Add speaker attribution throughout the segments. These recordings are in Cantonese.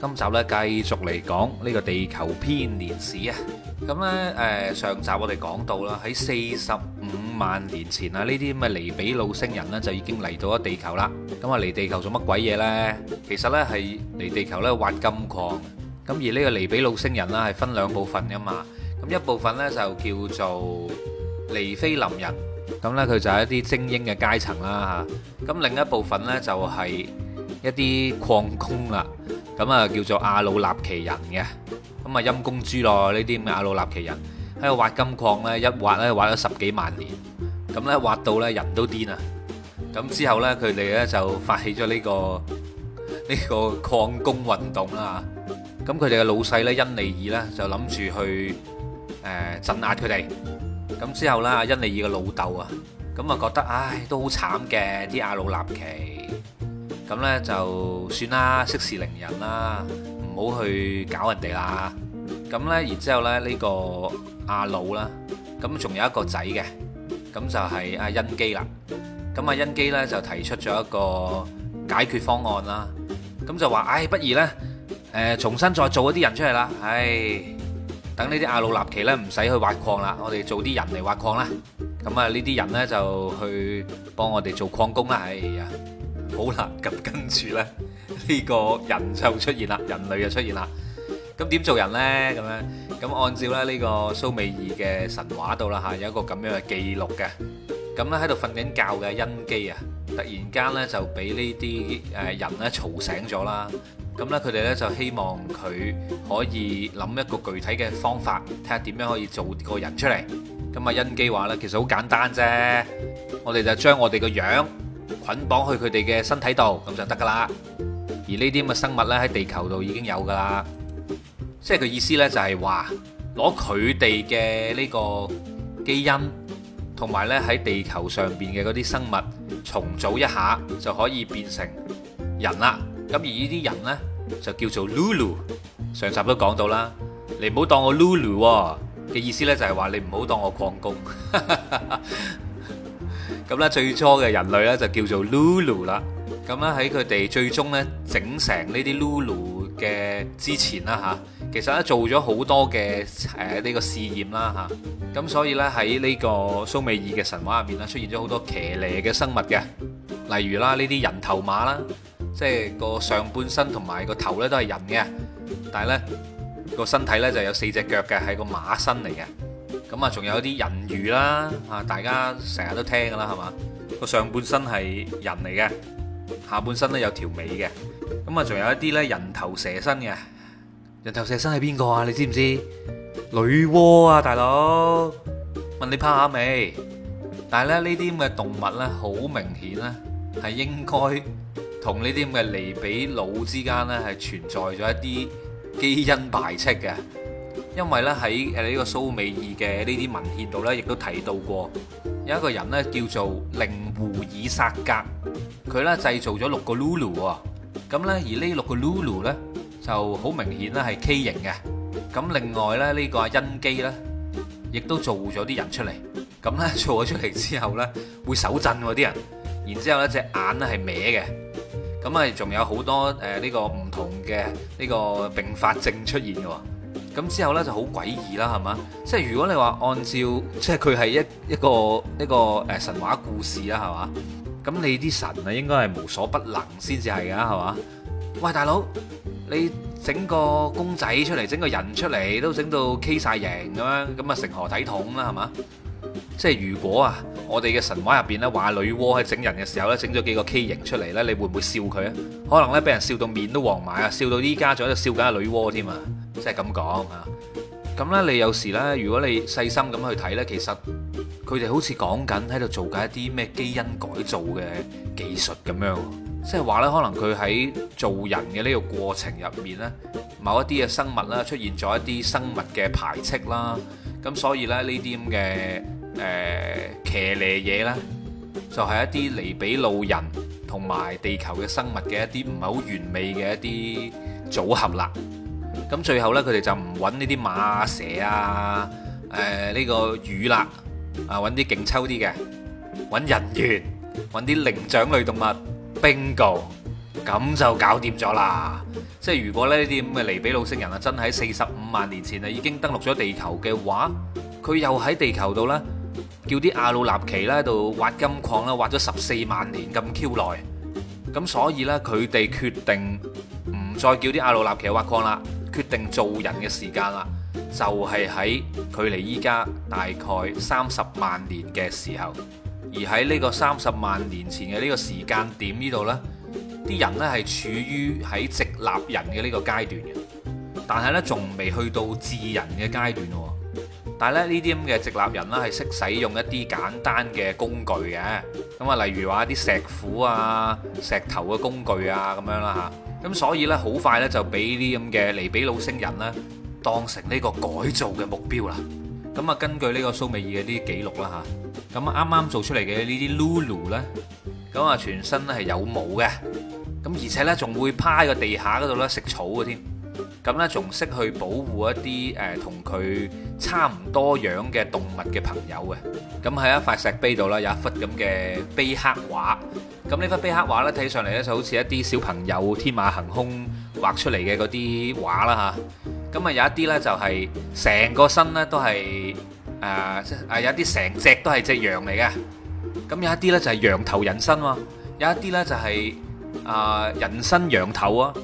Speaker 1: 今集咧，繼續嚟講呢個地球編年史啊。咁咧，誒上集我哋講到啦，喺四十五萬年前啊，呢啲咁嘅尼比魯星人咧就已經嚟到咗地球啦。咁啊嚟地球做乜鬼嘢咧？其實咧係嚟地球咧挖金礦。咁而呢個尼比魯星人咧係分兩部分噶嘛。咁一部分咧就叫做尼菲林人，咁咧佢就係一啲精英嘅階層啦。咁另一部分咧就係一啲礦工啦。咁啊，叫做阿努納奇人嘅，咁啊陰公豬咯，呢啲咁嘅阿努納奇人喺度挖金礦咧，一挖咧挖咗十幾萬年，咁咧挖到咧人都癲啊！咁之後咧，佢哋咧就發起咗呢個呢個礦工運動啦。咁佢哋嘅老細咧，恩利爾咧就諗住去誒鎮壓佢哋。咁、呃、之後咧，阿恩利爾嘅老豆啊，咁啊覺得唉都好慘嘅啲阿努納奇。咁呢，就算啦，息事寧人啦，唔好去搞人哋啦。咁呢，然之後呢，呢個阿魯啦，咁仲有一個仔嘅，咁就係阿恩基啦。咁阿恩基呢，就提出咗一個解決方案啦。咁就話，唉、哎，不如呢，誒、呃，重新再做一啲人出嚟啦。唉、哎，等呢啲阿魯立奇呢，唔使去挖礦啦，我哋做啲人嚟挖礦啦。咁啊，呢啲人呢，就去幫我哋做礦工啦。唉、哎、呀～好啦，咁跟住咧，呢個人就出現啦，人類就出現啦。咁點做人咧？咁樣咁按照咧呢個蘇美爾嘅神話度啦吓，有一個咁樣嘅記錄嘅。咁咧喺度瞓緊覺嘅恩基啊，突然間咧就俾呢啲誒人咧嘈醒咗啦。咁咧佢哋咧就希望佢可以諗一個具體嘅方法，睇下點樣可以做個人出嚟。咁啊恩基話咧，其實好簡單啫，我哋就將我哋個樣。捆綁去佢哋嘅身體度，咁就得噶啦。而呢啲咁嘅生物咧，喺地球度已經有噶啦。即係佢意思咧，就係話攞佢哋嘅呢個基因，同埋咧喺地球上邊嘅嗰啲生物重組一下，就可以變成人啦。咁而呢啲人咧，就叫做 Lulu。上集都講到啦，你唔好當我 Lulu 嘅意思咧，就係話你唔好當我礦工。咁咧，最初嘅人類咧就叫做 Lulu 啦。咁咧喺佢哋最終咧整成呢啲 Lulu 嘅之前啦嚇，其實咧做咗好多嘅誒呢個試驗啦嚇。咁所以咧喺呢個蘇美爾嘅神話入面咧出現咗好多奇怪嘅生物嘅，例如啦呢啲人頭馬啦，即係個上半身同埋個頭咧都係人嘅，但係咧個身體咧就有四隻腳嘅，係個馬身嚟嘅。咁啊，仲有啲人魚啦，啊，大家成日都聽噶啦，係嘛？個上半身係人嚟嘅，下半身咧有條尾嘅。咁啊，仲有一啲咧人頭蛇身嘅，人頭蛇身係邊個啊？你知唔知？女媧啊，大佬，問你拍下未？但係咧呢啲咁嘅動物咧，好明顯咧，係應該同呢啲咁嘅尼比魯之間咧係存在咗一啲基因排斥嘅。因為咧喺誒呢個蘇美爾嘅呢啲文獻度咧，亦都提到過有一個人咧叫做寧胡爾薩格，佢咧製造咗六個 Lulu 喎。咁咧而呢六個 Lulu 咧就好明顯咧係畸形嘅。咁另外咧呢個阿恩基咧亦都做咗啲人出嚟。咁咧做咗出嚟之後咧會手震啲人，然之後咧隻眼咧係歪嘅。咁係仲有好多誒呢個唔同嘅呢個併發症出現嘅喎。咁之後呢就好詭異啦，係嘛？即係如果你話按照，即係佢係一一個一個誒神話故事啦，係嘛？咁你啲神啊應該係無所不能先至係㗎，係嘛？喂，大佬，你整個公仔出嚟，整個人出嚟，都整到 K 晒型咁樣，咁啊成何體統啦，係嘛？即係如果啊，我哋嘅神話入邊咧，話女媧喺整人嘅時候呢，整咗幾個 K 型出嚟呢，你會唔會笑佢啊？可能呢，俾人笑到面都黃埋啊，笑到依家仲喺度笑緊女媧添啊！即係咁講啊！咁咧，你有時咧，如果你細心咁去睇咧，其實佢哋好似講緊喺度做緊一啲咩基因改造嘅技術咁樣，即係話咧，可能佢喺做人嘅呢個過程入面咧，某一啲嘅生物啦，出現咗一啲生物嘅排斥啦，咁所以咧，呢啲咁嘅誒騎呢嘢咧，就係一啲尼比魯人同埋地球嘅生物嘅一啲唔係好完美嘅一啲組合啦。咁最後呢，佢哋就唔揾呢啲馬蛇啊，誒、呃、呢、呢個魚啦，啊揾啲勁抽啲嘅，揾人猿，揾啲靈長類動物，bingo，咁就搞掂咗啦。即係如果呢啲咁嘅尼比魯星人啊，真喺四十五萬年前啊已經登陸咗地球嘅話，佢又喺地球度呢，叫啲阿魯納奇呢度挖金礦啦，挖咗十四萬年咁 Q 耐，咁所以呢，佢哋決定唔再叫啲阿魯納奇挖礦啦。決定做人嘅時間啦，就係喺距離依家大概三十萬年嘅時候。而喺呢個三十萬年前嘅呢個時間點呢度呢，啲人呢係處於喺直立人嘅呢個階段，但係呢仲未去到智人嘅階段喎。但係咧呢啲咁嘅直立人呢，係識使用一啲簡單嘅工具嘅，咁啊，例如話啲石斧啊、石頭嘅工具啊咁樣啦嚇。咁所以呢，好快呢就俾啲咁嘅尼比魯星人呢，當成呢個改造嘅目標啦。咁啊，根據呢個蘇美爾嘅啲記錄啦吓，咁啱啱做出嚟嘅呢啲 Lulu 呢，咁啊全身咧係有毛嘅，咁而且呢，仲會趴喺個地下嗰度呢，食草嘅添。咁咧仲識去保護一啲誒同佢差唔多樣嘅動物嘅朋友嘅，咁喺一塊石碑度啦，有一忽咁嘅碑刻畫。咁呢忽碑刻畫咧，睇上嚟咧就好似一啲小朋友天馬行空畫出嚟嘅嗰啲畫啦嚇。咁啊有一啲咧就係成個身咧都係誒誒有啲成隻都係隻羊嚟嘅。咁有一啲咧就係羊頭人身嘛，有一啲咧就係啊人身羊頭啊。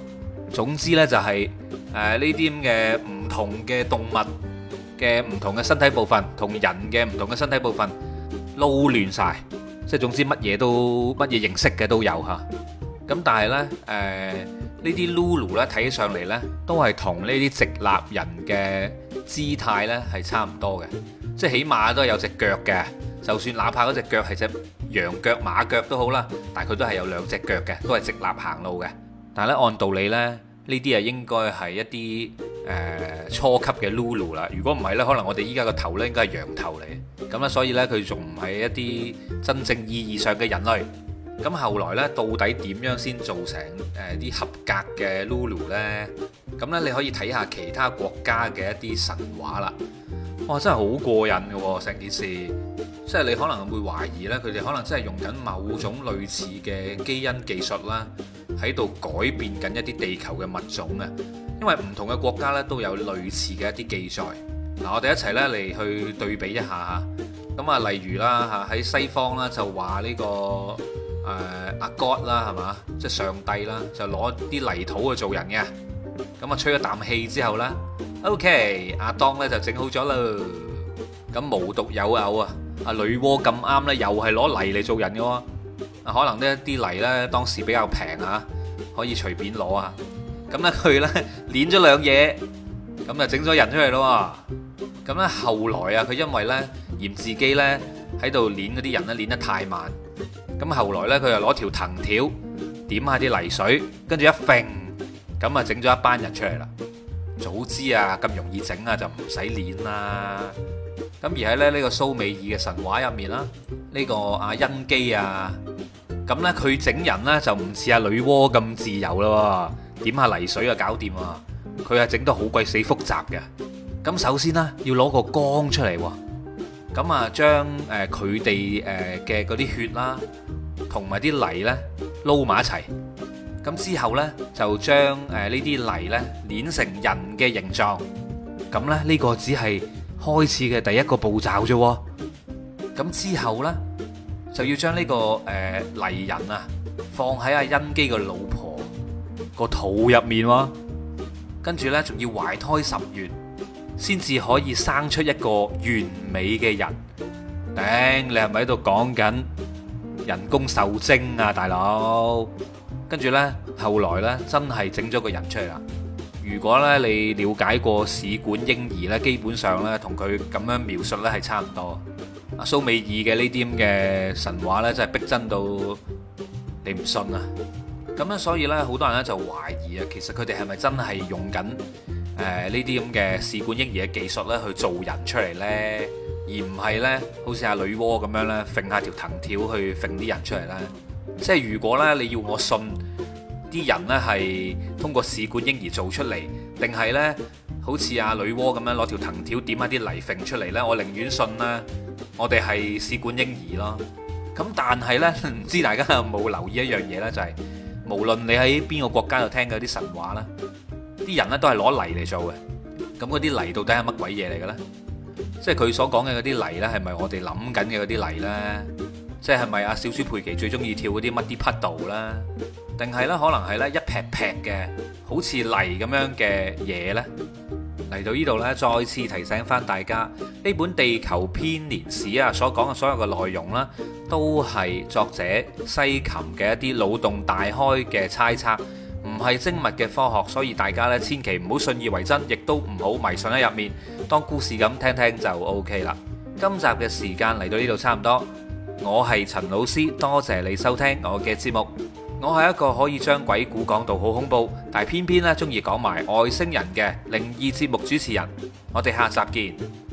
Speaker 1: 總之咧就係。誒呢啲咁嘅唔同嘅動物嘅唔同嘅身體部分，同人嘅唔同嘅身體部分，撈亂晒，即係總之乜嘢都乜嘢形式嘅都有吓。咁但係咧，誒呢啲 Lulu 咧睇起上嚟咧，都係同呢啲直立人嘅姿態咧係差唔多嘅，即係起碼都係有隻腳嘅，就算哪怕嗰隻腳係隻羊腳、馬腳都好啦，但係佢都係有兩隻腳嘅，都係直立行路嘅。但係咧，按道理咧。呢啲啊應該係一啲誒、呃、初級嘅 Lulu 啦，如果唔係咧，可能我哋依家個頭咧應該係羊頭嚟，咁啦，所以呢，佢仲唔係一啲真正意義上嘅人類。咁後來呢，到底點樣先做成誒啲、呃、合格嘅 Lulu 呢？咁咧你可以睇下其他國家嘅一啲神話啦。哇、哦，真係好過癮嘅喎，成件事，即係你可能會懷疑呢，佢哋可能真係用緊某種類似嘅基因技術啦。喺度改變緊一啲地球嘅物種啊！因為唔同嘅國家咧都有類似嘅一啲記載。嗱，我哋一齊呢嚟去對比一下嚇。咁啊，例如啦嚇，喺西方啦就話呢、這個誒阿 God 啦係嘛，即、呃、係、就是、上帝啦，就攞啲泥土去做人嘅。咁啊吹一啖氣之後呢 OK 阿當呢就整好咗咯。咁無獨有偶啊，阿女媧咁啱呢，又係攞泥嚟做人嘅喎。可能呢啲泥呢，當時比較平啊，可以隨便攞啊。咁、嗯、呢，佢呢，捻咗兩嘢，咁啊整咗人出嚟咯喎。咁、嗯、咧後來啊，佢因為呢，嫌自己呢，喺度捻嗰啲人呢，捻得太慢，咁、嗯、後來呢，佢又攞條藤條點下啲泥水，跟住一揈，咁啊整咗一班人出嚟啦、啊。早知啊咁容易整啊，就唔使捻啦。咁、嗯、而喺咧呢、這個蘇美爾嘅神話入面啦，呢、這個阿、啊、恩基啊。咁咧，佢整人咧就唔似阿女媧咁自由咯，點下泥水就搞掂。佢係整得好鬼死複雜嘅。咁首先咧，要攞個缸出嚟，咁啊將誒佢哋誒嘅嗰啲血啦，同埋啲泥咧撈埋一齊。咁之後咧就將誒呢啲泥咧碾成人嘅形狀。咁咧呢個只係開始嘅第一個步驟啫。咁之後咧。就要將呢個誒泥人啊放喺阿恩基嘅老婆個肚入面喎，跟住咧仲要懷胎十月，先至可以生出一個完美嘅人。頂，你係咪喺度講緊人工受精啊，大佬？跟住咧，後來咧真係整咗個人出嚟啦。如果咧你了解過試管嬰兒咧，基本上咧同佢咁樣描述咧係差唔多。阿蘇美爾嘅呢啲咁嘅神話咧，真係逼真到你唔信啊！咁樣所以呢，好多人咧就懷疑啊。其實佢哋係咪真係用緊誒呢啲咁嘅試管嬰兒嘅技術咧，去做人出嚟呢？而唔係呢，好似阿女媧咁樣呢，揈下條藤條去揈啲人出嚟呢。即係如果呢，你要我信啲人呢係通過試管嬰兒做出嚟，定係呢好似阿女媧咁樣攞條藤條點下啲泥揈出嚟呢？條條我寧願信啦。我哋係試管嬰兒咯，咁但係咧，唔知大家有冇留意一樣嘢咧？就係無論你喺邊個國家度聽嘅啲神話啦，啲人咧都係攞泥嚟做嘅。咁嗰啲泥到底係乜鬼嘢嚟嘅咧？即係佢所講嘅嗰啲泥咧，係咪我哋諗緊嘅嗰啲泥咧？即係係咪阿小豬佩奇最中意跳嗰啲乜啲 puddle 咧？定係咧可能係咧一劈劈嘅好似泥咁樣嘅嘢咧？嚟到呢度呢，再次提醒翻大家，呢本《地球編年史》啊，所講嘅所有嘅內容啦，都係作者西琴嘅一啲腦洞大開嘅猜測，唔係精密嘅科學，所以大家呢，千祈唔好信以為真，亦都唔好迷信喺入面，當故事咁聽聽就 OK 啦。今集嘅時間嚟到呢度差唔多，我係陳老師，多謝你收聽我嘅節目。我係一個可以將鬼故講到好恐怖，但係偏偏咧中意講埋外星人嘅靈異節目主持人。我哋下集見。